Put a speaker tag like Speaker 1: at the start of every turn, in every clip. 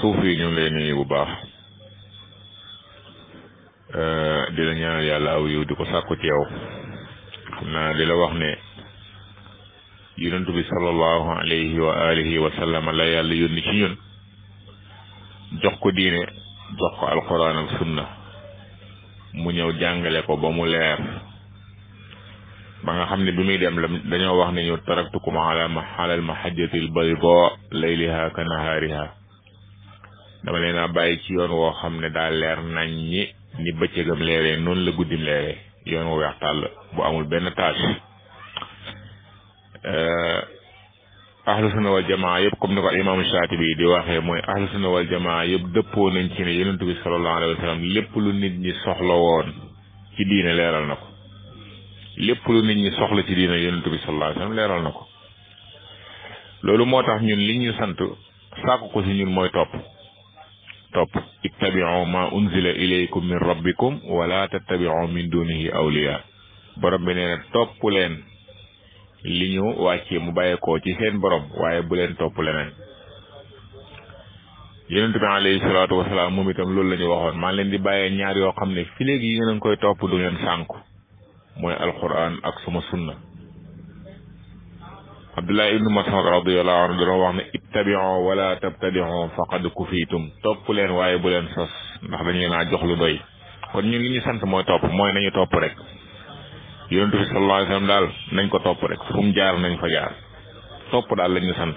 Speaker 1: suuf yi ñu ngi bu baax euh, di la ñaanal yàlla aw yiw di ko sàkku ci yow xam naa la wax ne yonent bi sallallahu alayhi wa alihi wa sallam la yàlla yónni ci ñun jox ko diine jox ko alquran ak sunna mu ñëw jàngale ko ba mu leer ba nga xam ni bi muy dem la dañoo wax ne ñu taraktukum ala ma alal mahajjati albayda layliha ka nahariha dama leen a bàyyi ci yoon woo xam ne daal leer nañ ñi ni bëccëgam leeree noonu la guddim leeree yoon wu weex tàll bu amul benn taas euh, ahlu sunna wal jamaa yëpp comme ni ko al imaamu Shaatibi di waxee mooy ahlu sunna wal jamaa yëpp dëppoo nañ ci ne yonent bi sallallahu alayhi wa lépp lu nit ñi soxla woon ci diine leeral na ko lépp lu nit ñi soxla ci diine yonent bi sallallahu alayhi wa leeral na ko loolu moo tax ñun li ñu sant sàkku ko si mooy topp topp ittabiu ma unzila ilaykum min rabbikum wala tattabiu min dunihi awliya borom bi nee na topp leen li ñu wàccee mu bàyyeekoo ci seen borom waaye bu leen topp leneen yonent bi alayhi salaatu wasalaam moom itam loolu la ñu waxoon maa leen di bàyyee ñaar yoo xam ne fi léegi yi ngeen koy topp du ngeen sànku mooy alquran ak suma sunna abdullah ibnu mas'ud radiyallahu anhu dañoo wax ne ittabi'u wala tabtadi'u faqad kufiitum topp leen waaye bu leen sos ndax dañ leen a jox lu doy kon ñun li ñu sant mooy topp mooy nañu topp rek yonentu bi sallallahu alayhi daal nañ ko topp rek fu mu jaar nañ fa jaar topp daal lañu sant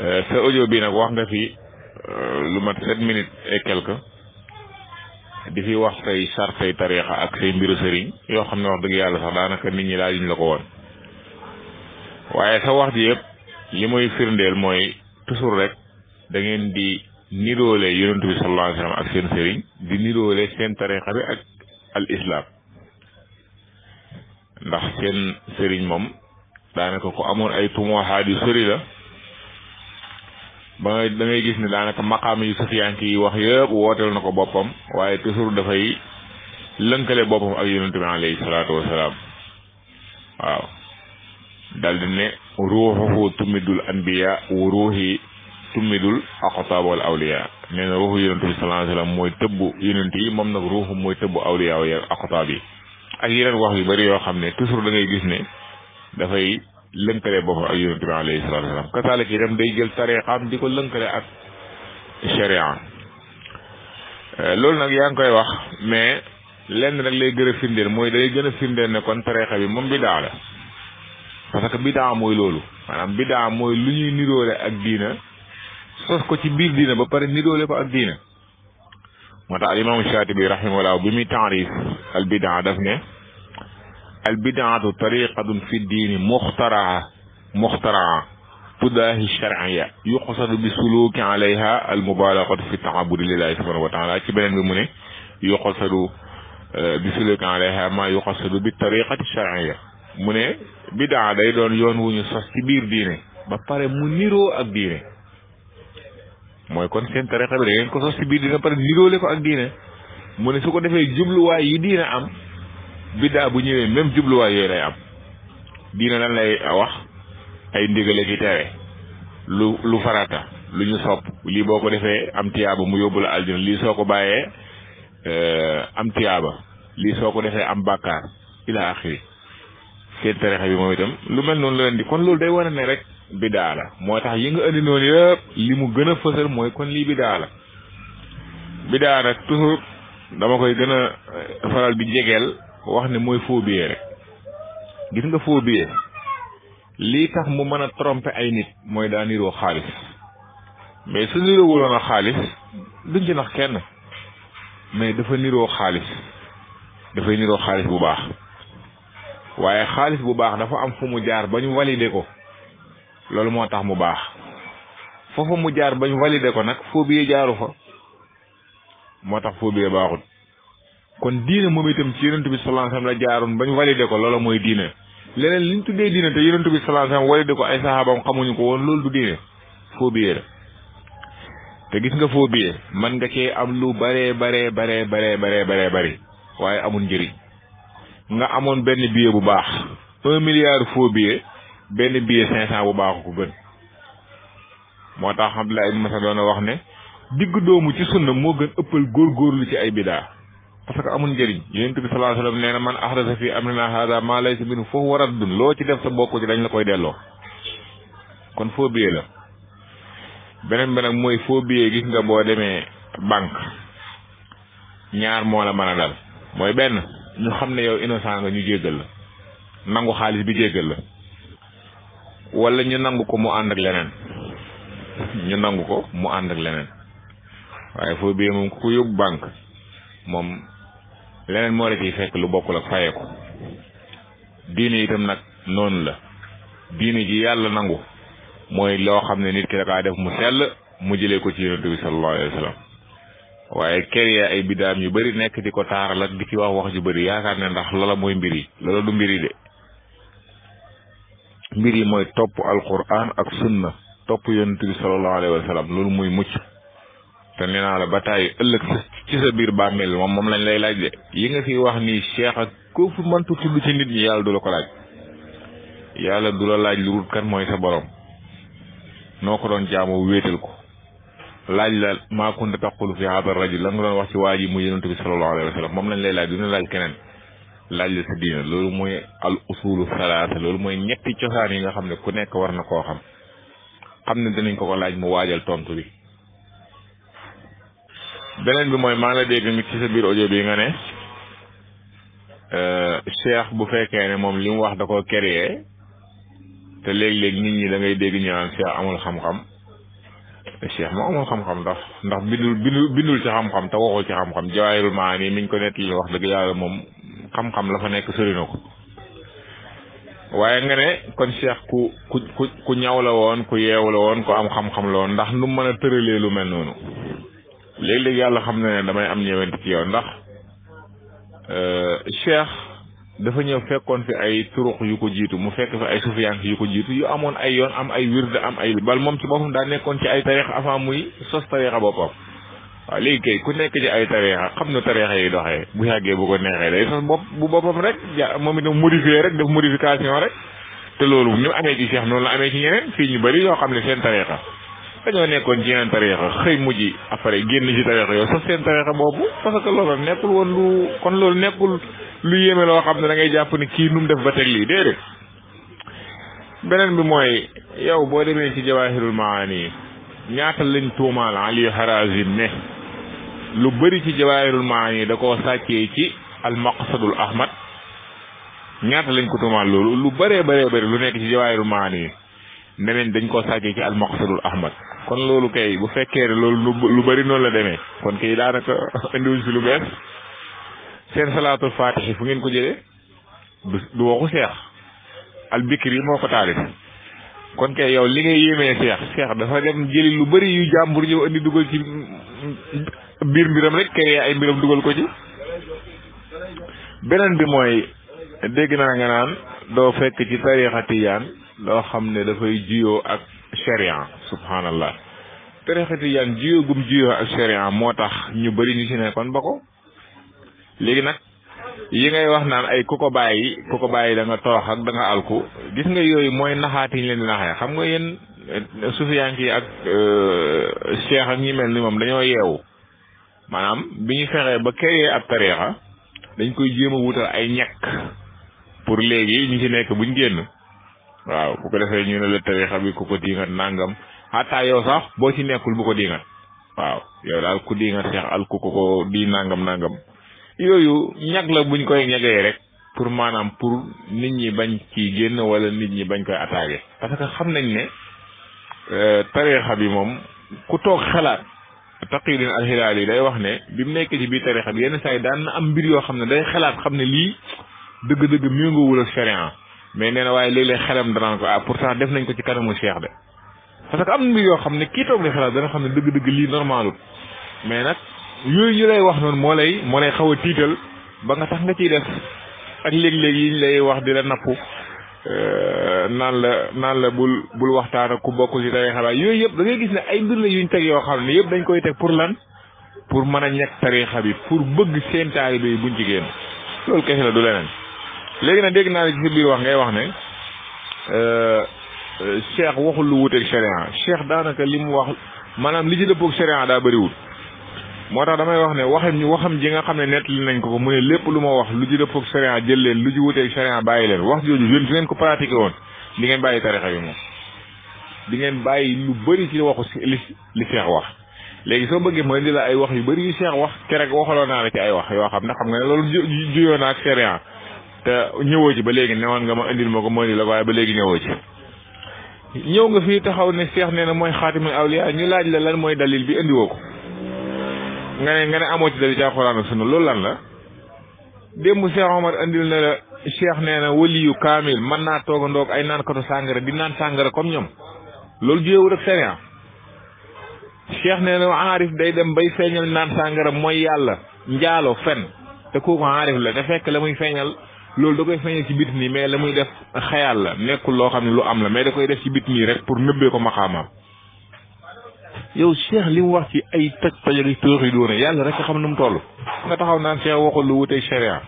Speaker 1: euh, sa audio bi nag wax nga fi euh, lu mat sept minutes et quelque di fi wax say sartay tariixa ak say mbiru sëriñ yoo xam ne wax dëgg yàlla sax daanaka nit ñi daal ñu la ko woon waaye sa wax ji yëpp li muy firndeel mooy toujours rek dangeen di niroole yonent bi sallallahu alayhi wa sallam ak seen sëriñ di niroole seen tarixa bi ak al islam ndax seen sëriñ moom daanaka ku amoon ay tumoxaat yu sori la ba nga da gis ne daanaka maqaam yu sufiyanke yi wax yëpp wooteel na ko boppam waaye toujours dafay lënkale boppam ak yonent bi alayhi salaatu wasalaam waaw daldi ne ruuxuhu tummidul anbiya wa ruuxi tummidul aqtaab wal awliya nee na ruuxu yonent bi sallallahu alayhi wasallam mooy tëbbu yonent yi moom nag ruuxu mooy tëbbu awliya yi ak aqtaab yi ak yeneen wax yu bari yoo xam ne toujours da ngay gis ne dafay lënkale boppam ak yonent bi alayhi jël tariqaam di ko lënkale ak sharia euh, loolu nag yaa ngi koy wax mais lenn rek lay gën a firndeel mooy day gën a firndeel ne kon tariqa bi moom bi daa parce que bidaa mooy loolu maanaam bidaa mooy lu ñuy niroole ak diina sos ko ci biir diina ba pare niroole ko ak diina moo tax al imaamu Shaatibi rahimahullah bi muy taarif al bidaa daf ne al bidaatu tariqatun fi diini muxtaraa muxtaraa tudaahi charia yuqsadu bi suluuki alayha al mubalagatu fi taabudi lillahi subhanahu wa ci beneen bi mu ne yuqsadu eh, bi suluuki alayha ma yuqsadu bi tariqati charia mu ne bidaa day doon yoon wu ñu sos ci biir diine ba pare mu niroo ak diine mooy kon seen tarixa bi da ngeen ko niroole ko ak diine mu ne su ko defee jubluwaay yi diine am bidaa bu ñëwee même jubluwaay yooyu lay am diine la lay wax ay ndigale ki tere lu lu faraata lu ñu sopp lii boo ko defee am tiyaaba mu yóbbu la aljana lii soo ko bàyyee euh, am tiyaaba lii soo ko defee am bàkkaar ila axiri ci terexa bi moom itam lu mel noonu la indi kon loolu day wane ne rek bidaa la moo tax yi nga indi noonu yëpp li mu gën a fësal mooy kon lii bidaa la bidaa nag toujours dama koy gën a eh, faral di jegeel wax ne mooy faux billet rek gis nga faux lii tax mu mën a tromper ay nit mooy daa niroo xaalis mais su niroowuloon a xaalis duñ ci nax kenn mais dafa niroo xaalis dafay niroo xaalis bu baax waaye xaalis bu baax dafa am fu mu jaar ba ñu valider ko loolu moo tax mu baax foofu mu jaar ba ñu valider ko nag foobiyee jaaru fa moo tax foobiyee baaxut kon diine moom itam ci yonent bi sallallahu alayhi la jaaroon ba ñu valider ko loola mooy diine leneen li ñu tuddee diine te yonent bi sallallahu alayhi wasallam ko ay saxaabam xamuñu ko woon loolu du diine foobiyee la te gis nga foobiyee man nga cee am lu baree baree baree baree baree baree bëri waaye amul njëriñ. nga amoon benn billet bu baax un milliard faux billet benn billet cinq cent bu baax ko gën moo tax Abdullah ibn Mas'ud a wax ne digg doomu ci sunna moo gën ëppal góorgóorlu ci ay bidaa parce que amul njëriñ yonent bi sallallahu alayhi wasallam nee na man ahdasa fi amrina hada ma laysa minhu fa huwa raddun loo ci def sa bokku ci dañ la koy delloo kon faux billet la beneen bi mooy faux billet gis nga boo demee banque ñaar moo la mën a dal mooy benn ñu xam ne yow innocent nga ñu jéggal la nangu xaalis bi jéggal la wala ñu nangu ko mu ànd ak leneen ñu nangu ko mu ànd ak leneen waaye foo bii moom ku yóbbu banque moom leneen moo la ciy fekk lu bokkul ak faye ko diine itam nag noonu la diine ji yàlla nangu mooy loo xam ne nit ki da def mu sell mu jële ko ci yonent bi sallallahu alayhi waaye créer ay bidaam yu bëri nekk di ko taaral ak di ci wax wax ju bëri yaakaar na ndax loola mooy mbir yi loola du mbir yi de mbir yi mooy topp alquran ak sunna topp yonent bi sallallahu alayhi loolu muy mucc te nee naa la ba tàyyi ëllëg ci sa biir bàmmeel moom moom lañ lay laaj de yi nga fi wax nii cheikh ak ko fu mëntu tudd ci nit ñi yàlla du la ko laaj yàlla du la laaj lu rut mooy sa borom noo ko doon jaamu wéetal ko laaj la maa kunta taqulu fi hada rajul la nga doon wax ci waa ji mu yonent bi sallallahu alayhi wa sallam moom lañ lay laaj dina laaj keneen laaj la sa diina loolu mooy al usulu salaasa loolu mooy ñetti cosaan yi nga xam ne ku nekk war na koo xam xam ne dinañ ko ko laaj mu waajal tontu bi beneen bi mooy maa ngi la dégg mi ci sa biir audio bi nga ne euh, cheikh bu fekkee ne moom li mu wax da koo créé te léeg-léeg nit ñi dangay ngay dégg ñu naan amul xam-xam cheikh ma amul xam-xam ndax ndax bindul bindul ci xam-xam te waxul ci xam-xam jawaayul maa nii mi ko ko nettali wax dëgg yàlla moom xam-xam la fa nekk sori ko waaye nga ne kon cheikh ku ku ku ku ñaw la woon ku yeewu la woon ku am xam-xam la woon ndax nu mën a tëralee lu mel noonu léeg-léeg yàlla xam na ne damay am ñëwante ci yow ndax euh, cheikh dafa ñëw fekkoon fi ay turux yu ko jiitu mu fekk fi ay sufiyank yu ko jiitu yu amoon ay yoon am ay wird am ay bal moom ci boppam daa nekkoon ci ay tarixa avant muy sos tarixa boppam waaw léegi kay ku nekk ci ay tarixa xam na tarixa yi doxee bu yàggee bu ko neexee day sos bopp bu boppam rek ja moom itam modifié rek def modification rek te loolu ni mu amee ci seex noonu la amee ci ñeneen fii ñu bëri yoo xam ne seen tarixa dañoo nekkoon ci yeneen tarixa xëy mujj après génn ci kon loolu nekkul lu yéeme loo xam ne da ngay jàpp ni kii nu mu def ba teg lii déedéet beneen bi mooy yow boo demee ci jawaahirul maani ñaata lañ tuumaal Aliyu Harazim ne lu bëri ci jawaahirul maani da ko sàccee ci al maqsadul ahmad ñaata lañ ko tuumaal loolu lu bëree bëree bari lu nekk ci jawaahirul maani ne nañ dañ ko sàccee ci al maqsadul ahmad kon loolu kay bu fekkee ne loolu lu bëri noonu la demee kon kay daanaka indiwuñ lu bees seen salaatul faatihi fu ngeen ko jëlee du waxu seex albikri moo ko taalif kon kay yow li ngay yéemee seex seex dafa dem jëli lu bari yu jàmbur ñëw indi dugal ci biir mbiram rek kay ay mbiram dugal ko ci beneen bi mooy dégg naa nga naan doo fekk ci tariixa tijaan loo xam ne dafay juyoo ak sharia subhanallah tariixa tijaan juyoo gum juyoo ak sharia moo tax ñu bari ñu ci nekkoon ba ko léegi nag yi ngay wax naan ay ku ko bàyyi ku ko bàyyi da nga toox ak da alku gis nga yooyu mooy naxaatiñ leen di naxee xam nga yenn eh, sufiyank yi ak euh, cheikh ak ñi mel ni moom dañoo yeewu maanaam bi ñu fexee ba créer ab tariixa dañ koy jéem a wutal ay ñekk pour léegi ñu ci nekk bu buñ génn waaw bu ko defee ñu ne la tariixa bi ku ko diingat nangam xataa sax boo ci nekkul bu ko diingat waaw yow daal ku diingat cheikh al ku ko ko di nangam nangam yooyu ñag la buñ koy ñagee rek pour maanaam pour nit ñi bañ ci génn wala nit ñi bañ koy attaqué parce xam nañ ne euh, tarixa bi moom ku toog xalaat taqiyuddin yi day wax ne bi mu nekk ci biir tarixa bi yenn saa yi daan na am mbir yoo xam ne day xalaat xam ne lii dëgg-dëgg méngoowul ak sharia mais nee na waaye léeg-léeg xelam danaan ko ah pourtant def nañ ko ci kanamu cheikh de parce que am mbir yoo xam ne kii toog di xalaat dana xam ne dëgg-dëgg mais nag yooyu ñu lay wax noonu moo lay moo lay xaw a tiital ba nga tax nga ciy def ak léeg-léeg yi ñu lay wax di la nappu euh, naan la naan la bul bul waxtaan ak ku bokkul ci tarixa ba yooyu yëpp da ngay gis ne ay mbir la yuñ teg yoo xam ne yëpp dañ koy teg pour lan pour mën a ñekk tarixa bi pour bëgg seen taalibe yi buñ ci génn loolu kese la du leneen léegi nag dégg naa ne ci sa biir wax ngay wax ne euh, cheikh waxul lu wuteeg sharia cheikh daanaka li mu wax maanaam li ci dëppoog sharia daa bëriwul moo tax damay wax ne waxam ñu waxam ji nga xam ne nettali nañ ko ko mu ne lépp lu ma wax lu ji dëppoog sharia jël leen lu ji wuteeg sharia bàyyi leen wax jooju yéen su ngeen ko pratiqué woon di ngeen bàyyi tarixa bi moom di ngeen bàyyi lu bëri ci waxu li li Cheikh wax léegi soo bëggee mooy di la ay wax yu bëri yu Cheikh wax keroog waxaloon naa la ci ay wax yoo xam ne xam nga ne loolu ju juyoo naa ak sharia te ñëwoo ci ba léegi newoon nga ma indil ma ko mooy di la waaye ba léegi ñëwoo ci ñëw nga fii taxaw ne Cheikh nee na mooy xaatimul awliya ñu laaj la lan mooy dalil bi indiwoo nga ne nga ne amoo ci dara ci alxuraan ak loolu lan la démb Cheikh Omar andil na la Cheikh nee na waliyu kaamil mën naa toogandoog ay naan sàngara di naan sàngara comme ñoom loolu juyewul ak sariya Cheikh nee na aarif day dem bay feeñal naan sàngara mooy yàlla njaalo fen te kooku aarif la te fekk la muy feeñal loolu da koy feeñal ci bit nii mais la muy def xayaal la nekkul loo xam ne lu am la mais da koy def ci bit nii rek pour nëbbee ko maxaamaam yow Cheikh li mu wax ci ay toj tojali tooxi doone yàlla rek xam nu mu toll nga taxaw naan Cheikh waxul lu wuteeg sharia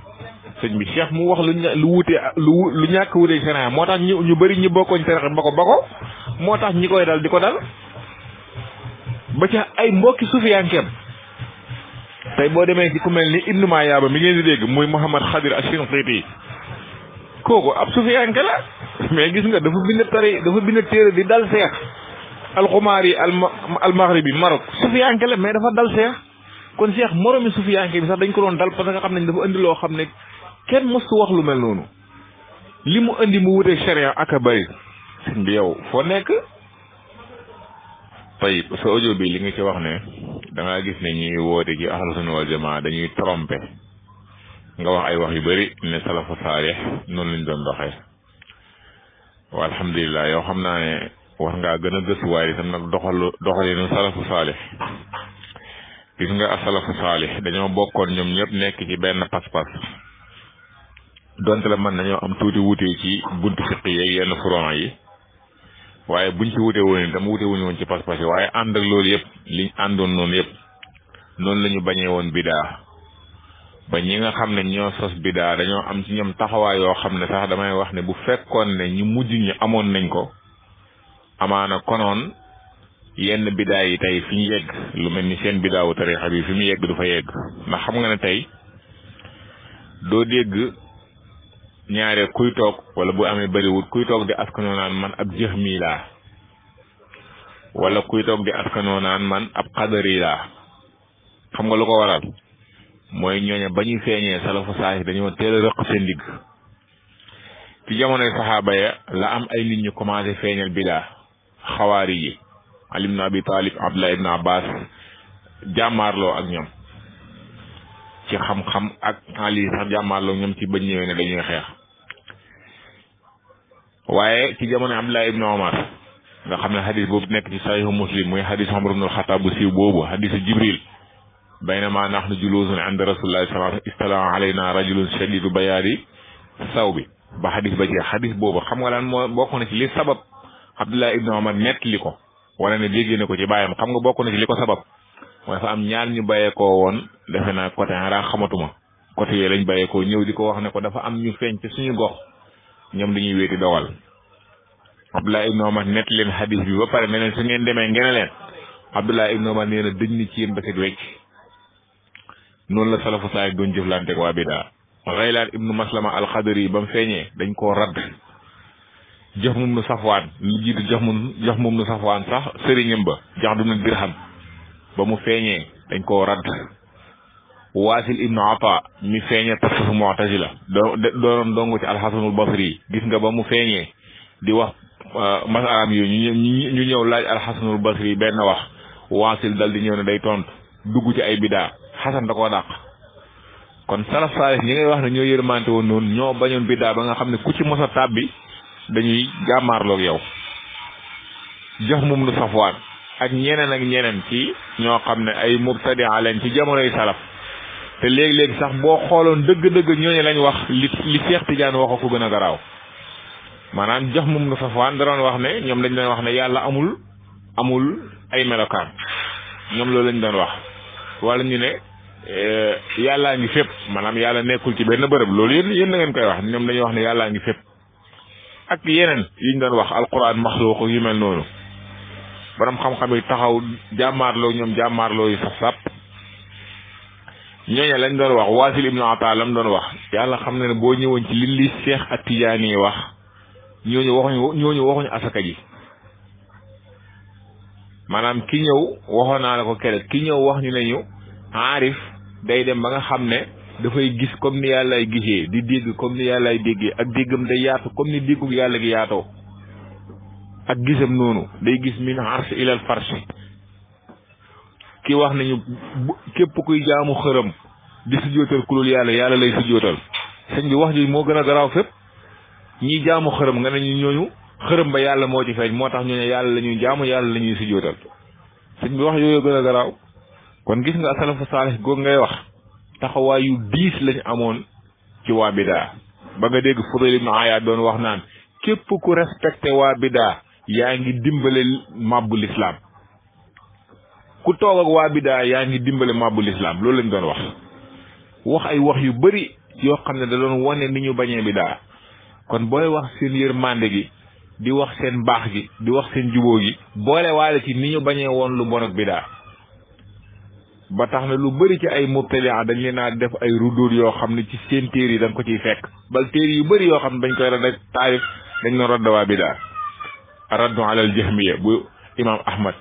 Speaker 1: sëñ bi Cheikh mu wax lu lu wute lu lu ñàkk wuteeg sharia moo tax ñu ñu bëri ñu bokkoñ terax ba ko ba ko moo tax ñi koy dal di ko dal ba ca ay mbokki sufiyankeem tey boo demee ci ku mel ni Ibnu Mayaaba mi ngeen di dégg muy Mouhamad Khadir Ashinqiti kooku ab sufiyanke la mais gis nga dafa bind téere di dal Cheikh alxumaar yi almaghribi Maroc sufiyanke la mais dafa dal seex kon seex moromi sufiyanke bi sax dañ ko doon dal parce que xam nañ dafa indi loo xam ne kenn mosu wax lu mel noonu li mu indi mu wuteeg charia ak a bëri bi yow foo nekk tey sa audio bi li nga ci wax ne dangaa gis ne ñuy woote ci ahlu sunna wal jamaa dañuy trompé nga wax ay wax yu bëri ne salafu saalih noonu lañ doon doxee wa alhamdulilah yow xam naa ne war ngaa gën a gëstu waaye itam nag doxalu doxalinu salafu gis nga am saalix dañoo bokkoon ñoom ñëpp nekk ci benn pas-pas donte la man nañoo am tuuti wute ci buntu fiq yi ak yenn furon yi waaye buñ ci wute woon itam wute wuñu woon ci pas-pas yi waaye ànd ak loolu yëpp liñ àndoon noonu yëpp noonu lañu ñu bañee woon bidaa ba ñi nga xam ne ñoo sos bidaa dañoo am ci ñoom taxawaay yoo xam ne sax damay wax ne bu fekkoon ne ñu mujj ñi amoon nañ ko amaana konoon yenn bidaa yi tey fi yegg lu mel ni seen bidaawu tarixa bi fi mu yegg du fa yegg ndax xam nga ne tey doo dégg ñaare kuy toog wala bu amee bariwut kuy toog di askanoo naan man ab jëx mii wala kuy toog di man ab xadari laa xam nga lu ko waral mooy ñooña ba ñuy feeñee salafu saasi dañoo teel a rëq seen digg ci jamonoy saxaaba ya la am ay nit ñu commencé feeñal bidaa xawaari yi ali ibn abi talib abdullah ibn abbas jàmmaarloo ak ñoom ci xam-xam ak ali sax jàmmaarloo ñoom ci bañ ñëwee ne dañuy xeex waaye ci jamono abdullah ibn omar nga xam ne xadis boobu nekk ci sahihu muslim muy xadis omar ibn alxataab bu siiw boobu xadisu jibril baynama nahnu julusun inda rasulillahi sallallahu alayhi wa sallam istala alayna rajulun bayaadi saw bi ba xadis ba jeex xadis boobu xam nga lan moo bokk na ci li sabab Abdullah ibnu Omar nettali ko wala ne déggee na ko ci baayam xam nga bokk na ci li ko sabab mooy dafa am ñaar ñu bayeekoo woon defe naa côté Hara xamatuma côté yee lañ bàyyeekoo ñëw di ko wax ne ko dafa am ñu feeñ ci suñu gox ñoom dañuy wéeti dogal Abdullah ibnu Omar nett leen xadis bi ba pare ne leen su ngeen demee ngeen leen Abdullah ibnu Omar nee na dëñ na ci yéen ba set wecc noonu la salafu saay doon jëflante ak waa bidaa Gaylaan ibnu Maslama al-Xadri ba mu feeñee dañ koo radd jox mum nu safwaan lu jox mum jox mum nu safwaan sax sëriñam ba jax du na dirham ba mu feeñee dañ koo radd waasil ibnu ata mi feeñe tasfu mu'tazila doo doonoon dongu ci alxasanul nga ba mu feeñee di wax euh, masalaam yooyu ñu ñu ñëw laaj alxasanul basri benn wax waasil dal di ñëw ne day tontu dugg ci ay biddaa xasan da koo dàq kon salaf saalih ñi ngay wax ne ñoo yërmante woon noonu ñoo bañoon bidaa ba nga xam ne ku ci mos a tàbbi dañuy gàmmaarlook yow jox mum nu safwaan ak ñeneen ak ñeneen ci ñoo xam ne ay mubtadia leen ci jamonoy salaf te léegi-léegi sax boo xooloon dëgg-dëgg ñooñu lañ wax li li Seex Tijaan wax ko gën a garaaw maanaam jox mum nu safwaan da doon wax ne ñoom dañ doon wax ne yàlla amul amul ay melokaan ñoom loolu lañu doon wax wala ñu ne eh, yàllaa ngi fépp maanaam yàlla nekkul ci benn bërëb loolu yéen yéen na ngeen koy wax ñoom dañuy wax ne yàllaa ngi fépp ak yeneen yi ñu doon wax al alquran maxluuq yu mel noonu borom xam-xam yi taxaw jàmmaarloo ñoom jàmmaarloo yu sax sàpp lañ doon wax waasil ibnu ata lam doon wax yàlla xam ne ne boo ñëwoon ci li li Seex Atijaani wax ñooñu waxuñu ñooñu waxuñu asaka ji maanaam ki ñëw waxoon naa la ko keroog ki ñëw wax ñu ne ñu aarif day dem ba nga xam ne dafay gis comme ni ay gisee di dégg comme ni yàllaay déggee ak déggam day yaatu comme ni déggu yàlla gi yaatoo ak gisam noonu day gis min ars ilal farsi ki wax nañu képp kuy jaamu xërëm di sujjóotal kulul yàlla yàlla lay sujjóotal sëñ bi wax ji moo gën a garaaw fépp ñi xërëm nga ne ñu ñooñu xërëm ba yàlla moo ci feeñ moo tax ñooñu yàlla la ñuy jaamu yàlla la ñuy sujjóotal sëñ wax yooyu gën a garaaw kon gis nga asalafu saalix goog ngay wax taxawaayu diis lañ amoon ci waa bidaa ba nga dégg Fudayl ibn Iyaad doon wax naan képp ku respecté waa bidaa yaa ngi dimbale màbbu lislaam ku toog ak waa bidaa yaa ngi dimbale màbbu lislaam loolu lañ doon wax wax ay wax yu bari yoo xam ne da doon wane ni ñu bañee bidaa kon booy wax seen yërmande gi di wax seen baax gi di wax seen jubóo gi boole waale ci ni ñu bañee woon lu bon ak bidaa ba tax na lu bëri ci ay mubtadi'a dañ leen naa def ay rudul yoo xam ne ci seen téere yi da ko ciy fekk bal téere yu bëri yoo xam ne dañ koy rek taarif dañ doon radd waa bidaa raddu alal jahmiya bu imam ahmad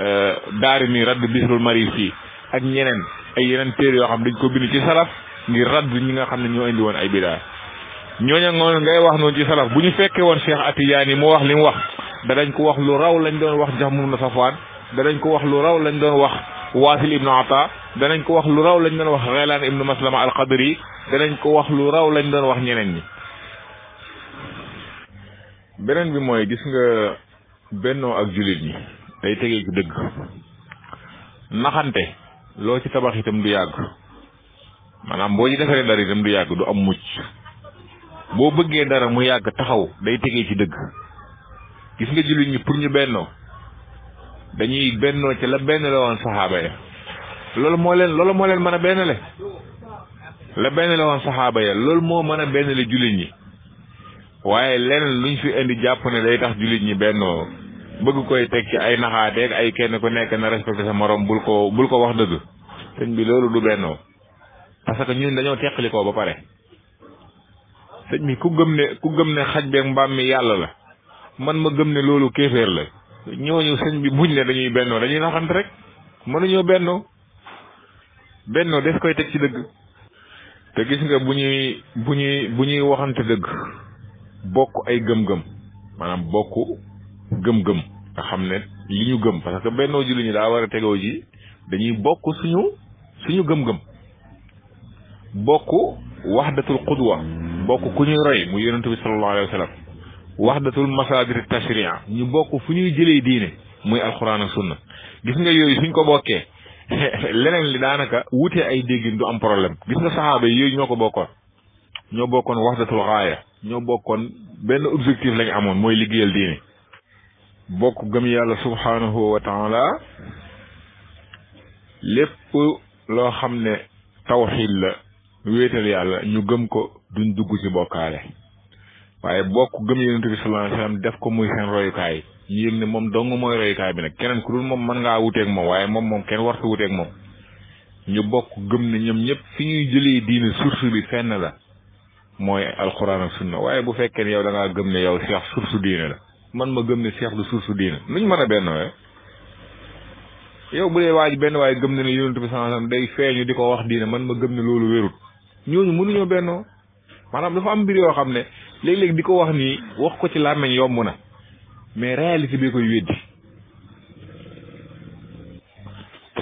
Speaker 1: euh, daarimi radd bisrul maris yi ak ñeneen ay yeneen téere yoo xam dañ ko bind ci salaf ngir radd ñi nga xam ne ñoo indi woon ay bidaa ñooña ngoon ngay wax noonu ci salaf bu ñu fekkee woon Cheikh Atiyaani mu wax li mu wax dañ ko wax lu raw lañ doon wax jax mum na safwaan danañ ko wax lu raw lañ doon wax waasil ibnu ata danañ ko wax lu raw lañ doon wax xeelaan ibnu maslama alqadri danañ ko wax lu raw lañ doon wax ñeneen ñi beneen bi mooy gis nga bennoo ak jullit ñi day tegee ci dëgg naxante loo ci tabax itam du yàgg maanaam boo ci defaree dara itam du yàgg du am mucc boo bëggee dara mu yàgg taxaw day tegee ci dëgg gis nga jullit ñi pour ñu bennoo dañuy bennoo ci la benn la woon saxaaba ya loolu moo leen loolu moo leen mën a benn le la benn la woon saxaaba ya loolu moo mën a benn le jullit ñi waaye leneen luñ fi indi jàpp ne day tax jullit ñi bennoo bëgg koy teg ci ay naxaateeg ay kenn ku nekk na respecté sa morom bul ko bul ko wax dëgg sëñ bi loolu du bennoo parce que ñun dañoo teqalikoo ba pare sëñ bi ku gëm ne ku gëm ne xaj beeg mbaam mi yàlla la man ma gëm ne loolu kéeféer la ñooñu sëñ bi buñ ne dañuy bennoo dañuy naxante rek mënuñoo bennoo bennoo des koy teg ci dëgg te gis nga bu ñuy bu ñuy bu ñuy waxante dëgg bokk ay gëm-gëm maanaam bokk gëm-gëm nga xam ne li ñu gëm parce que bennoo ji lu ñu daa war a tegoo ji dañuy bokk suñu suñu gëm-gëm bokk waxdatul qudwa bokk ku ñuy roy mu yonentu bi sallallahu alayhi wa sallam waxdatul masaadir tashriya ñu bokk fu ñuy jëlee diine muy alxuraan ak sunna gis nga yooyu suñ ko bokkee leneen li daanaka wutee ay déggin du am problème gis nga saxaaba yooyu ñoo ko bokkoon ñoo bokkoon waxdatul xaaya ñoo bokkoon benn objectif lañ amoon mooy liggéeyal diine bokk gëm yàlla subhaanahu wa taala lépp loo xam ne tawxiid la wéetal yàlla ñu gëm ko duñ dugg ci bokkaale waaye bokk gëm yonent bi sallallahu alayhi wasallam def ko muy seen royukaay ñu yëg ne moom dong mooy royukaay bi nag keneen ku dul moom mën ngaa wuteeg moom waaye moom moom kenn warta wuteeg moom ñu bokk gëm ne ñoom ñëpp fi ñuy jëlee diine source bi fenn la mooy alxuraan ak sunna waaye bu fekkee ne yow da gëm ne yow seex su diine la man ma gëm ne seex du su diine nuñ mën a benn waaye yow bu dee waaj benn waaye gëm ne ne yonent bi sallallahu alayhi di ko wax diine man ma gëm ne loolu léeg-léeg di ko wax nii wax ko ci làmmiñ yomb na mais réalité bi koy weddi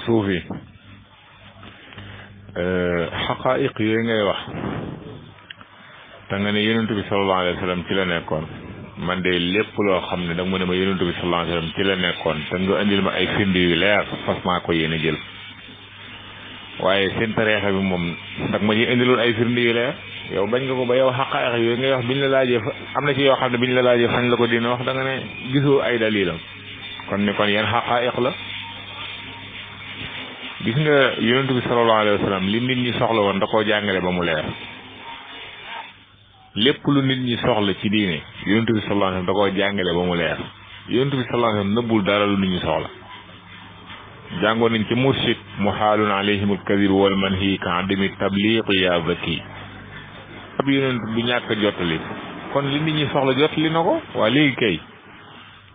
Speaker 1: suufi euh, xaqaayiq yooyu ngay wax te nga ne yonentu bi sallallahu alayhi wa sallam ci la nekkoon man de lépp loo xam ne danga ma ne ma yonentu bi sallallahu alayhi wa ci la nekkoon te nga indil ma ay firnde yu leer fas maa ko yéen a jël waaye seen tariixa bi moom ndax ma ci indiloon ay firnde yu leer yow bañ nga ko ba yow xaq yooyu ngay wax biñ la laajee am na ci yoo xam ne biñ la laajee fañ la ko dina wax da nga ne ay dalilam kon ni kon yan xaqaax la gis nga yonentu bi sallallahu alayhi wa li nit ñi soxla woon da koo jàngale ba mu leer lépp lu nit ñi soxla ci diine yonentu bi sallallahu da koo jàngale ba mu leer yonentu bi sallallahu alayhi nëbbul dara lu nit ñi soxla jàngoon nañ ci mursid mu xaalun alayhimul kadir wal manhi ka adami tabliq ya zaki ab yonent bu ñàkk a jottali kon li nit ñi soxla jottali na ko waa léegi kay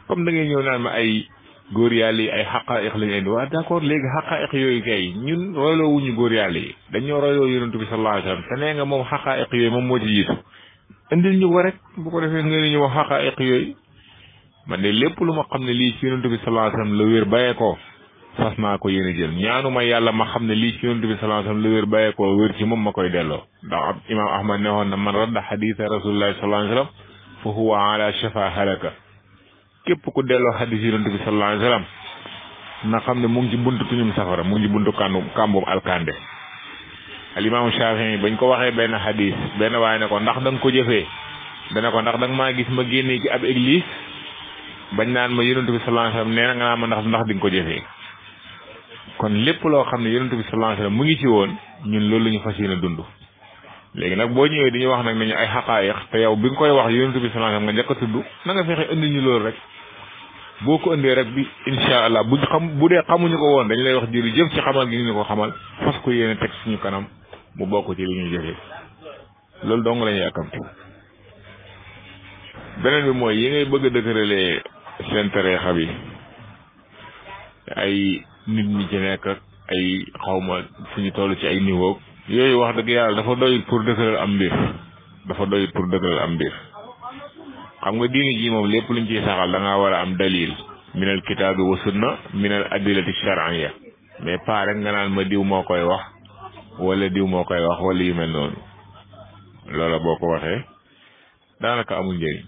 Speaker 1: comme da ngay ñëw naan ma ay góor yàlla yi ay xaqaayiq lañu indi waa d'accord léegi xaqaayiq yooyu kay ñun royloo wuñu góor yàlla yi dañoo royloo yonent bi sallallahu alayhi wa sallam te nee nga moom xaqaayiq yooyu moom moo ci jiitu indil ñu ko rek bu ko defee nga ne ñu yooyu man de lépp lu ma xam ne lii ci yonent la wér bàyyee ko fas naa ko yéene jël ma yàlla ma xam ne lii ci yonent bi sallallahu alayhi wa lu wér bàyyeekoo wér ci moom ma koy delloo ndax ab imaam ahmad ne woon na man radda xadiisa rasulillahi sallallahu alayhi wa sallam fa huwa ala shafa halaka képp ku delloo xadiis yonent bi sallallahu alayhi na xam ne mu ngi ci buntu tuñum safara mu ngi ci buntu kàndu kàmbum alkande al imaamu Shaafi'i bañ ko waxee benn xadiis benn waaye ne ko ndax da nga ko jëfee dana ko ndax danga maa gis ma génnee ci ab église bañ naan ma yonent bi sallallahu nee na nga naa ma ndax ndax ko jëfee kon lépp loo xam ne yonent bi sallallahu mu ngi ci woon ñun loolu la ñu fas yéene dund léegi nag boo ñëwee dañuy wax nag nañu ay xaqaayiq te yow bi nga koy wax yonent bi sallallahu alayhi wasallam nga njëkk a tudd na nga fexe indi ñu loolu rek boo ko indee rek bi insha allah buñ xam bu dee xamuñu ko woon dañu lay wax jëri jëf ci xamal gi ñu ko xamal fas ko yéene teg suñu kanam mu bokk ci li ñuy jëfee loolu dong la ñuy beneen bi mooy yi ngay bëgg a dëkkëralee seen tereexa nit ñi ci nekk ay xawma fu ñu toll ci ay niveau yooyu wax dëgg yàlla dafa doyut pour dëgëral am mbir dafa doyut pour dëgëral am mbir xam nga diini ji moom lépp luñ ciy saxal da ngaa war a am dalil minal kitaabi wa sunna minal adillati charia mais pas rek nga naan ma diw moo koy wax walla diw moo koy wax wala yu mel noonu loola boo ko waxee daanaka amul njëriñ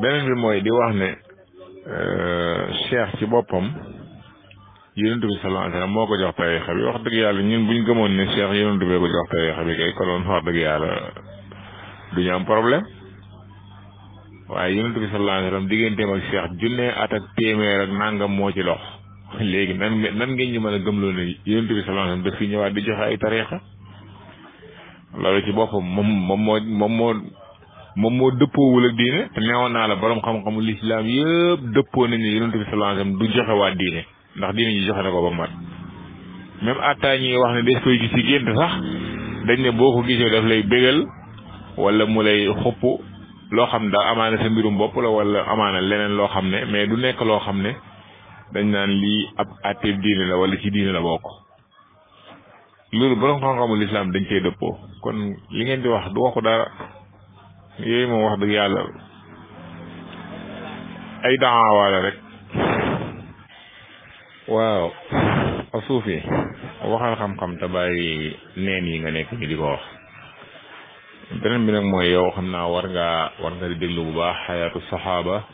Speaker 1: beneen bi mooy di wax ne euh, cheikh ci boppam yonentu bi sallallahu alayhi wasallam moo ko jox tariixa bi wax dëgg yàlla ñun buñ gëmoon ne cheikh yonentu bi ko jox tariixa bi kay konoon wax dëgg yàlla duñu am problème waaye yonentu bi sallallahu alayhi wasallam digganteem ak cheikh junne at ak téeméer ak nangam moo ci dox léegi nan nan ngeen ñu mën a gëmloo ne yonentu bi sallallahu alayhi daf fi ñëwaat di joxe ay tariixa loolu ci boppam moom moom moo moom moo moom moo dëppoowul ak diine te neewoon naa la borom xam-xamu lislaam yëpp dëppoo nañ ne yonent bi sallallahu alayhi wasallam du joxe waa diine ndax diine ji ko ba mat même atta ñi wax ne des koy ci gént sax dañ ne boo ko daf lay bégal wala mu lay loo xam daa amaana sa mbirum bopp la wala amaana leneen loo xam ne mais du nekk loo xam ne dañ naan lii ab atte diine la wala ci diine la bokk loolu borom xam-xamu lislaam dañ cey dëppoo kon li ngeen di wax du waxu dara yooyu moom wax dëgg yàlla ay daawaale rek waaw a suufi waxal xam-xam te neen yi nga nekk ñu di ko wax beneen bi nag mooy yow xam naa war ngaa war nga di déglu bu baax xayaatu saxaaba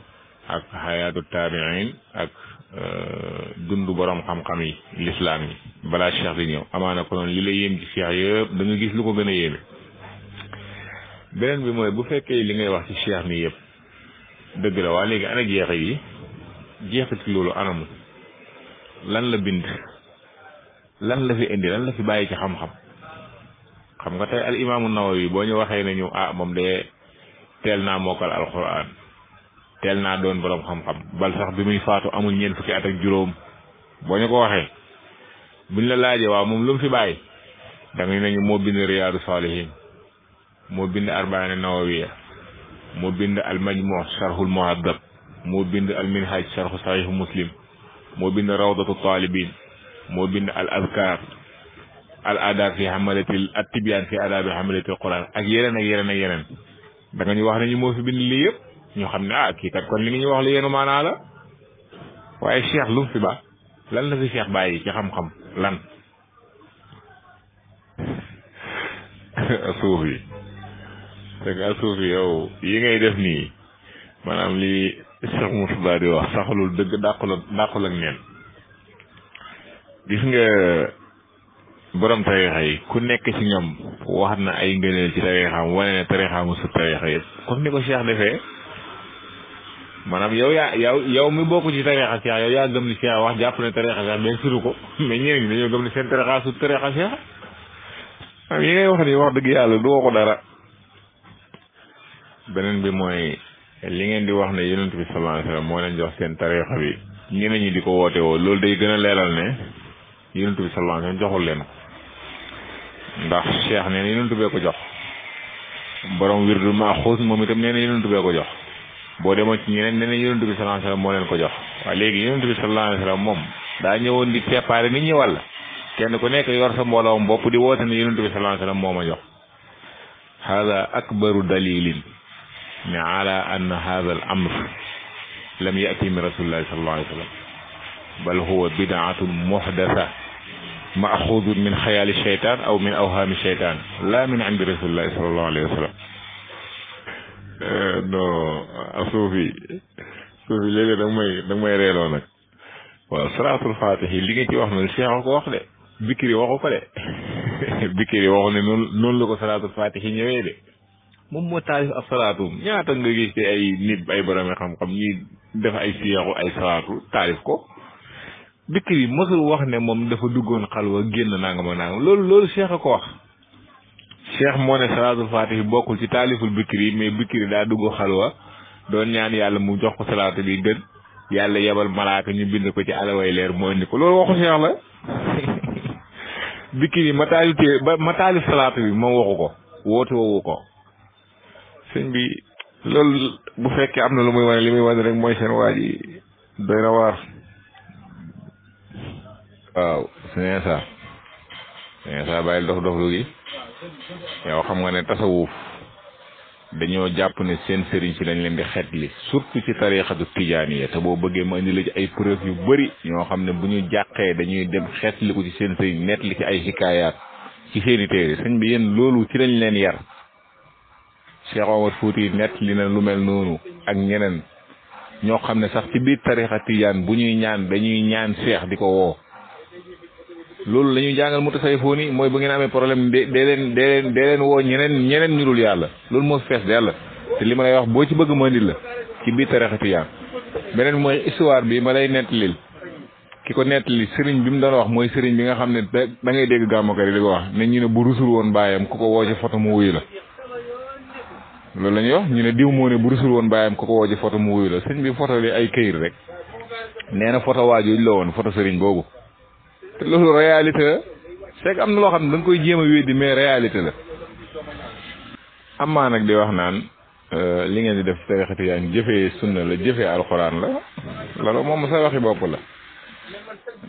Speaker 1: ak xayaatu taabiin ak euh, dund borom xam-xam yi lislaam yi balaa cheikh di ñëw amaana ko noonu la yéem ci cheikh yëpp da gis lu ko gën a yéeme beneen bi mooy bu fekkee li ngay wax ci cheikh mi yëpp dëgg la waa léegi ana jeexit yi jeexit loolu anamu lan la bind lan la fi indi lan la fi bàyyi ci xam-xam xam nga tey al imaamu yi boo ñu waxee ne ñu ah moom de teel naa mokkal alquran teel naa doon borom xam-xam bal bi muy faatu amul ñeent fukki at ak juróom boo ñu ko waxee buñ la laajee waaw moom lu mu fi bàyyi da ngay nañu moo bind riyaadu saalihin moo bind arbaana nawawiya moo bind al majmu sharhul muhaddab moo bind al minhaj sharhu sahihu muslim moo bind rawdatu talibin moo bind al azkar al adab fi hamalati at tibyan fi adabi hamalati al quran ak yeneen ak yeneen ak yeneen da nga ñu wax ne ñu moo fi bind lii yëpp ñu xam ne ah kii kat kon li nga ñu wax li yeenu maanaa la waaye cheikh lu mu fi ba lan la fi cheikh bàyyi ci xam-xam lan suuf yi da ngaa suuf yow yi ngay def nii maanaam li Cheikh Moustapha di wax saxalul dëgg dàqul ak dàqul ak neen gis nga borom tarixa yi ku nekk ci ñoom wax na ay ngëneel ci tarixaam wane ne tarixaamu su tarixa yëpp comme ni ko Cheikh defee maanaam yow yaa yow yow mi bokk ci tarixa Cheikh yow yaa gëm ni Cheikh wax jàpp ne tarixa Cheikh benn suru ko mais ñeneen ñi dañoo gëm ni seen tarixa su tarixa Cheikh yi ngay wax ni wax dëgg yàlla du ko dara beneen bi mooy li ngeen di wax ne yonent bi sallallahu alayhi moo leen jox seen tariixa bi ñeneen ñi di ko woote woo loolu day gën a leeral ne yonent bi sallallahu alayhi joxul leen ko ndax cheikh nee na yonent bee ko jox borom wirdu maaxuus moom itam nee na yonent bee ko jox boo demoon ci ñeneen nee na yonent bi sallallahu alayhi moo leen ko jox waaye léegi yonent bi sallallahu alayhi moom daa ñëwoon di préparé nit ñi walla kenn ku nekk yor sa mbooloom bopp di woote ne yonent bi sallallahu alayhi wasallam moo ma jox hada akbaru dalilin ne ala anna hada al amr lam yati min rasulillahi sallallahu alayhi wa sallam bal huwa bidaatun muhdasa maaxudun min xayaali sheytaan aw min awhaami sheytaan laa min indi rasulillahi sallallahu alayhi wa sallam eh, non suufi suufi léeg-léeg danga may danga may reeloo nag waaw salaatul faatihi li nga ci wax noonu Cheikh ko wax de bikiri waxu ko de bikiri waxu ne noonu noonu la ko salaatul faatihi ñëwee de moom moo taalif ab salaatum ñaata nga gis ci ay nit ay boromi xam-xam ñuy def ay siyaxu ay salaatu taalif ko bikri yi mosul wax ne moom dafa duggoon xalwa génn nangam ak nangam loolu loolu cheikh moo ne salaatul fatih bokkul ci taaliful bikri yi mais bikri daa dugg xalwa doon ñaan yàlla mu jox ko salaatu bi gën yàlla yebal malaaka ñu bind ko ci alaway leer mu indi ko loolu waxu cheikh la bikri yi ma taalif ma taalif salaatu bi moom waxu ko woote woowu ko sëñ bi loolu bu fekkee am na lu muy wane li muy wane rek mooy seen waa doy na waar. waaw sëñ Issa sëñ Issa bàyyil dof dof lu gi yow xam nga ne tasawuf dañoo jàpp ne seen sëriñ si lañ leen di xetli surtout ci tariixatu tijaaniya te boo bëggee ma indi ay preuve yu bari ñoo xam ne bu ñu jàqee dañuy dem xetli ko ci seen sëriñ nett ci ay xikaayaat ci seeni téere sëñ bi yéen loolu ci lañ leen yar Cheikh Omar Fouti nettali na lu mel noonu ak ñeneen ñoo xam ne sax ci biir a tiijaan bu ñuy ñaan dañuy ñaan seex di ko woo loolu la ñuy jàngal mutasawwifoon yi mooy bu ngeen amee problème de dee leen dee leen woo ñeneen ñeneen ñu dul yàlla loolu moo fees yàlla te li ma lay wax boo ci bëgg ma indi la ci biir tarixa tijaan beneen mooy histoire bi ma lay nettalil ki ko nettali sëriñ bi mu doon wax mooy sëriñ bi nga xam ne da ngay dégg gàmmukat ko wax ñu ne bu rusul woon ku ko woo ci foto la loolu la ñuy wax ñu ne diw moo ne bu rusul woon bàyyam ko ko woo ci photo mu wuyu la sëñ bi photo li ay këyit rek nee na photo waajooju la woon foto sëriñ boobu te loolu réalité la am na loo xam ne da koy jéem a weddi mais réalité la maa nag di wax naan euh, li ngeen di def tarixati yaa ngi sunna la jëfee alxuraan la loolu moom sa waxi bopp la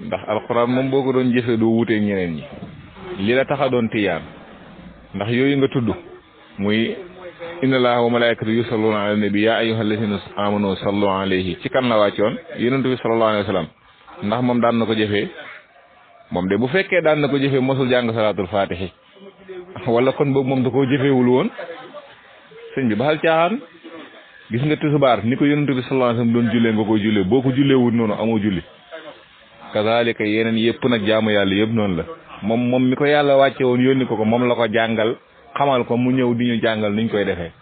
Speaker 1: ndax alxuraan moom boo ko doon jëfe doo wuteeg ñeneen ñi li la tax a doon tiyaan ndax yooyu nga tudd muy inna allaha wa malaikatu yusalluna ala nabi ya ayyuha alladhina amanu sallu alayhi ci kan la wàccoon yonent bi sallallahu alayhi wa sallam ndax moom daan na ko jëfee moom de bu fekkee daan na ko jëfee mosul jàng salaatul faatihi wala kon boobu moom da koo jëfeewul woon sëñ bi baxal caaxaan gis nga tisubaar ni ko yonent bi sallallahu alayhi wa sallam doon jullee nga koy jullee boo ko julleewul noonu amoo julli kazalika yeneen yëpp nag jaamu yàlla yëpp noonu la moom moom mi ko yàlla wàcce woon yónni ko ko moom la ko jàngal xamal ko mu ñëw di ñu jàngal nuñ koy defee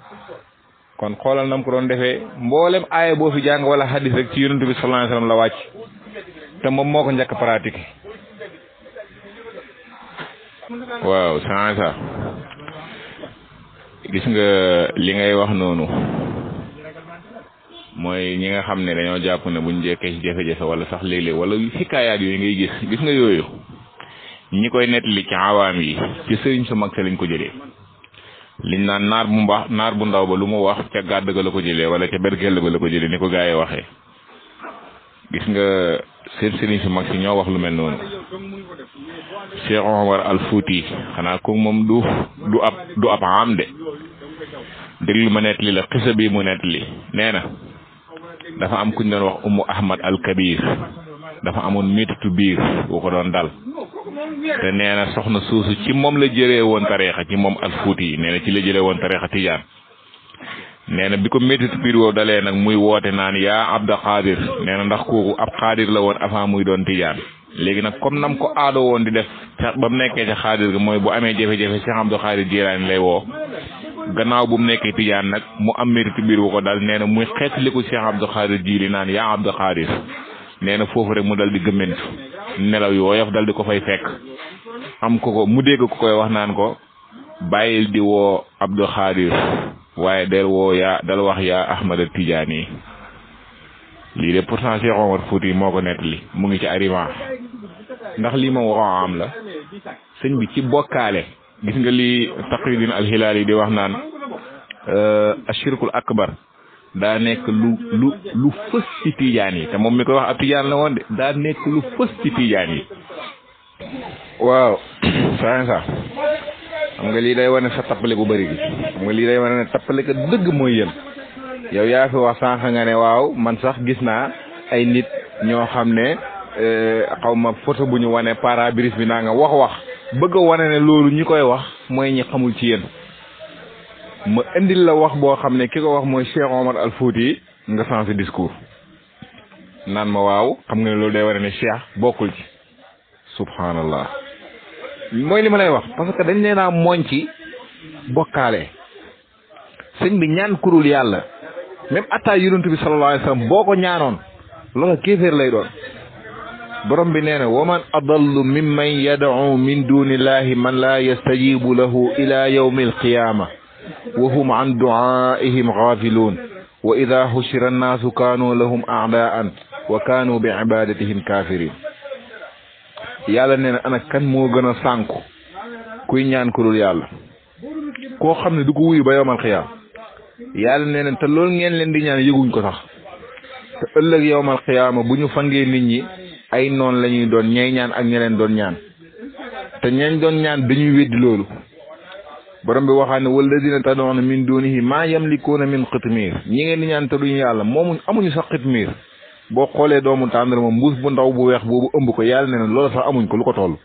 Speaker 1: kon xoolal nam ko doon defee mboolem aaya boo fi jàng wala hadis rek ci yonent bi sallallahu alayhi la wàcc
Speaker 2: te moom moo ko njëkk pratiqué waaw sansa
Speaker 1: gis nga li ngay wax noonu mooy ñi nga xam ne dañoo jàpp ne buñ jekkee ci jafe-jafe wala sax léeg-léeg wala xikaayaat yooyu ngay gis gis nga yooyu ñi koy nettali ci awaam yi ci sëriñ su mag sa lañ ko jëlee liñ naan naar bu mbax naar bu ndaw ba lu mu wax ca gàdd ga la ko jëlee wala ca bergell ba la ko jëlee ni ko gaa yi waxee gis nga seen sëriñ si mag si ñoo wax lu mel noonu Cheikh Omar al Fouti xanaa ko moom du du ab du ab am de déglu ma nettali la xisa bi mu nettali nee na dafa am kuñ doon wax Umu Ahmad al Kabir dafa amoon méttitu biir bu ko doon dal te nee na soxna suusu ci moom la jëlee woon tariixa ci moom alfuuti yi nee na ci la jëlee woon tariixa tijaan nee na bi ko métit piir woo dalee nag muy woote naan yaa abda xaadir nee na ndax kooku ab xaadir la woon avant muy doon tijaan léegi nag comme nam ko aado woon di def ba mu nekkee ca xaadir ga mooy bu amee jafe-jafe Cheikh Abdou Xaadir Jilaani lay woo gannaaw bu mu nekkee tijaan nag mu am métit biir wu ko dal nee na muy xeetli ko Cheikh Abdou Xaadir Jili naan yaa abda xaadir nee na foofu rek mu dal di gëmmentu nelaw yi woyof dal di ko fay fekk am ko ko mu dégg ko koy wax naan ko bàyyil di woo Abdou Khadir waaye del woo yaa dal wax yaa Ahmada Tidiane lii de pourtant Cheikh Omar Fouti moo ko nettali mu ngi ci arrivant
Speaker 2: ndax lii moom waxoon am la
Speaker 1: sëñ bi ci bokkaale gis nga lii taqiyuddin al hilaali di wax naan ashirkul akbar daa nekk lu lu lu fës ci tiijaan yi te moom mi koy wax ab tiijaan la woon de daa nekk lu fës ci tiijaan yi waaw saxen xam nga lii day wane sa tappale gu bëri gi xam nga lii day wane ne tappale ka dëgg mooy yéen yow yaa fi wax sànq nga ne waaw man sax gis naa ay nit ñoo xam ne eh, xaw ma photo bu ñu wane pare-brise bi naa nga wax wax bëgg a wane ne loolu ñi koy wax mooy ñi xamul ci yéen ma indil la wax boo xam ne ki ko wax mooy Cheikh Omar Al Fouti nga changé discours naan ma waaw xam nga ne loolu day war ne Cheikh bokkul ci subhanallah mooy li ma lay wax parce dañ leen a mooñ ci bokkaale sëñ bi ñaan kurul yàlla même attaay yonent bi sallallahu alayhi wasallam boo ko ñaanoon loola kéeféer lay doon borom bi nee na wa man adallu mimman yad'u min dunillahi man la yastajibu lahu ila yawmi alqiyama wa hum an duaa'ihim gaafiluun wa idaa hushira annaasu kaanu lahum aadaan wa kaanu bi ibaadatihim kaafiriin yàlla nee na ana kan moo gën a sànku kuy ñaan ku dul yàlla koo xam ne du ko wuyu ba yowmal xiyaam yàlla nee na te loolu ngeen leen di ñaan yëguñ ko sax te ëllëg yowmal xiyaama bu ñu fangee nit ñi ay noon lañuy doon ñay ñaan ak ña doon ñaan te ñañ doon ñaan dañuy weddi loolu borom bi waxaa ne walladina tad'una min dunihi maa yamlikuuna min xitmiir ñi ngeen di ñaan te duñu yàlla moomuñ amuñu sax xitmiir boo xoolee doomu tàndarma mbuus bu ndaw bu weex boobu ëmb ko yàlla ne loolu sax amuñ ko lu ko toll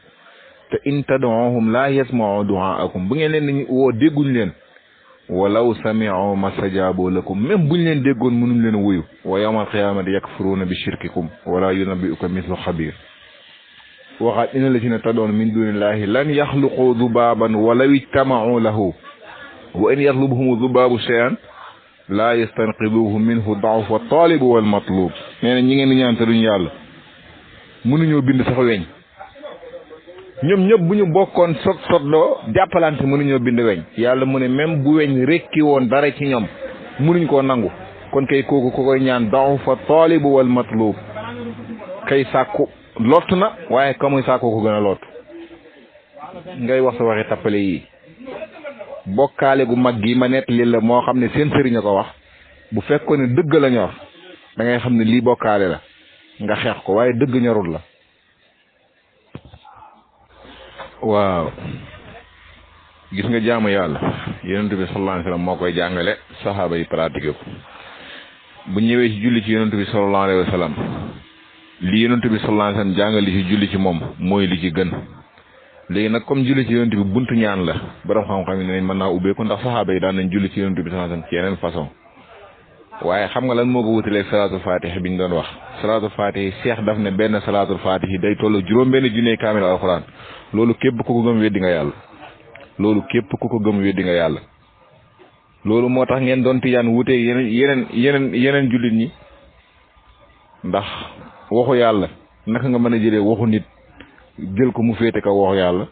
Speaker 1: te in tad'uhum laa yasma'u du'aakum bu ngeen leen di woo dégguñ leen walaw sami'u mastajaaboo lakum bu buñ leen déggoon mënuñu leen wuyu wa yawmal qiyaamati yakfuruuna bi shirkikum wala yunabbi'uka mislu xabiir waxaat inna lazina tad'uuna min duunillaahi lan yaxluqu dubaaban walaw ijtama'u lahu wa in yatlubhumu dubaabu shay'an laa yastanqiduuhu minhu da'fa taalibu wal matlub nee na ñi ngeen di ñaan te duñ yàlla mënuñoo bind sax weñ ñoom ñëpp bu ñu bokkoon sot sotdoo jàppalante mënuñoo bind weñ yàlla mu ne même bu weñ rekki woon dara ci ñoom mënuñ koo nangu kon kay kooku ko koy ñaan da'fa taalibu wal matlub kay sàkku lott na waaye kamuy saako ko gën a lott ngay wax sa waxi tappale yi bokkaale gu mag gi ma nettali la moo xam ne seen sëriñ ko wax bu fekkoon ne dëgg la ñor da ngay xam ne lii bokkaale la nga xeex ko waaye dëgg ñorul la waaw gis nga jaamu yàlla yonent bi sallallahu alayhi koy jàngale saxaaba yi pratiqué ko bu ñëwee ci julli ci yonent bi sallallahu alayhi wa lii yonent bi sallallahu alayhi wasallam jàngale ci julli ci moom mooy li ci gën léegi nag comme julli ci yonent bi bunt ñaan la borom xam-xam yi ne mën naa ubbeeku ndax saxaaba yi daan nañ julli ci yonent bi sallallahu alayhi wasallam ci yeneen façon waaye xam nga lan moo ko wutalee salaatul fatih bi ñu doon wax salaatul fatih seex daf ne benn salaatul fatih day toll juróom benn junne kaamil alxuraan loolu képp ku ko gëm weddi nga yàlla loolu képp ku ko gëm weddi nga yàlla moo tax ngeen doon tijaan wutee yeneen yeneen yeneen yeneen jullit ñi waxu yàlla naka nga mën a jëlee waxu nit jël ko mu féete ko waxu yàlla